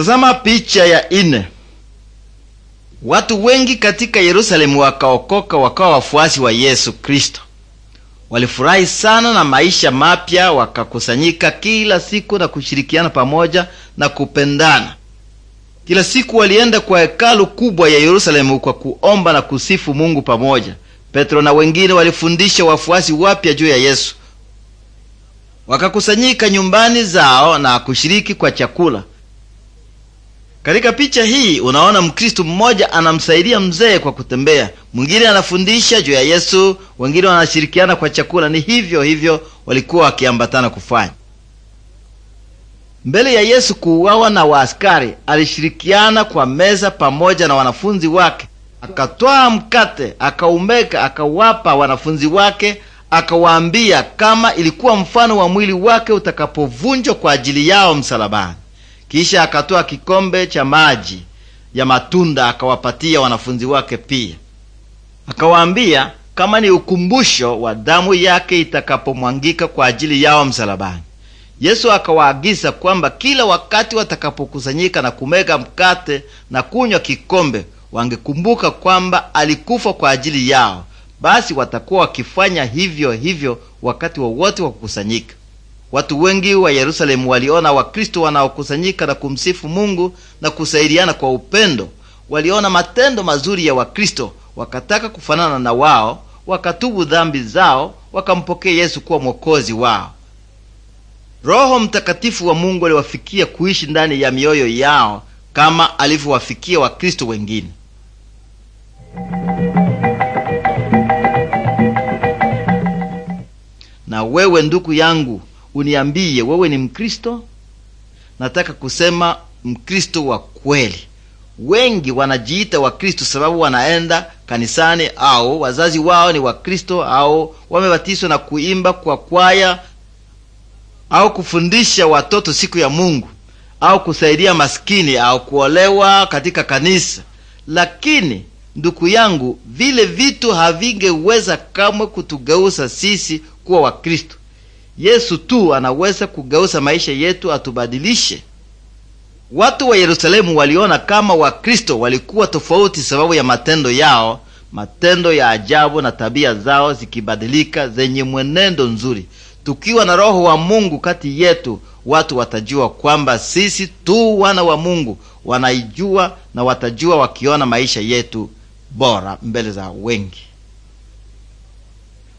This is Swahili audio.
Tazama picha ya ine. Watu wengi katika Yerusalemu wakaokoka wakawa wafuasi wa Yesu Kristo. Walifurahi sana na maisha mapya, wakakusanyika kila siku na kushirikiana pamoja na kupendana. Kila siku walienda kwa hekalu kubwa ya Yerusalemu kwa kuomba na kusifu Mungu pamoja. Petro na wengine walifundisha wafuasi wapya juu ya Yesu. Wakakusanyika nyumbani zao na kushiriki kwa chakula. Katika picha hii unaona Mkristo mmoja anamsaidia mzee kwa kutembea, mwingine anafundisha juu ya Yesu, wengine wanashirikiana kwa chakula. Ni hivyo hivyo walikuwa wakiambatana kufanya. Mbele ya Yesu kuuawa na waaskari, alishirikiana kwa meza pamoja na wanafunzi wake. Akatwaa mkate, akaumeka, akawapa wanafunzi wake, akawaambia kama ilikuwa mfano wa mwili wake utakapovunjwa kwa ajili yao msalabani. Kisha akatoa kikombe cha maji ya matunda akawapatia wanafunzi wake pia, akawaambia, kama ni ukumbusho wa damu yake itakapomwangika kwa ajili yao msalabani. Yesu akawaagiza kwamba kila wakati watakapokusanyika na kumega mkate na kunywa kikombe, wangekumbuka kwamba alikufa kwa ajili yao. Basi watakuwa wakifanya hivyo hivyo wakati wowote wa kukusanyika. Watu wengi wa Yerusalemu waliona Wakristo wanaokusanyika na kumsifu Mungu na kusaidiana kwa upendo. Waliona matendo mazuri ya Wakristo, wakataka kufanana na wao, wakatubu dhambi zao, wakampokea Yesu kuwa mwokozi wao. Roho Mtakatifu wa Mungu aliwafikia kuishi ndani ya mioyo yao kama alivyowafikia Wakristo wengine. Na wewe ndugu yangu uniambie wewe ni Mkristo. Nataka kusema Mkristo wa kweli. Wengi wanajiita Wakristo sababu wanaenda kanisani au wazazi wao ni Wakristo au wamebatizwa na kuimba kwa kwaya au kufundisha watoto siku ya Mungu au kusaidia maskini au kuolewa katika kanisa. Lakini ndugu yangu, vile vitu havingeweza kamwe kutugeuza sisi kuwa Wakristo. Yesu tu anaweza kugeuza maisha yetu, atubadilishe. Watu wa Yerusalemu waliona kama Wakristo walikuwa tofauti sababu ya matendo yao, matendo ya ajabu na tabia zao zikibadilika zenye mwenendo nzuri. Tukiwa na Roho wa Mungu kati yetu, watu watajua kwamba sisi tu wana wa Mungu. Wanaijua na watajua wakiona maisha yetu bora mbele za wengi.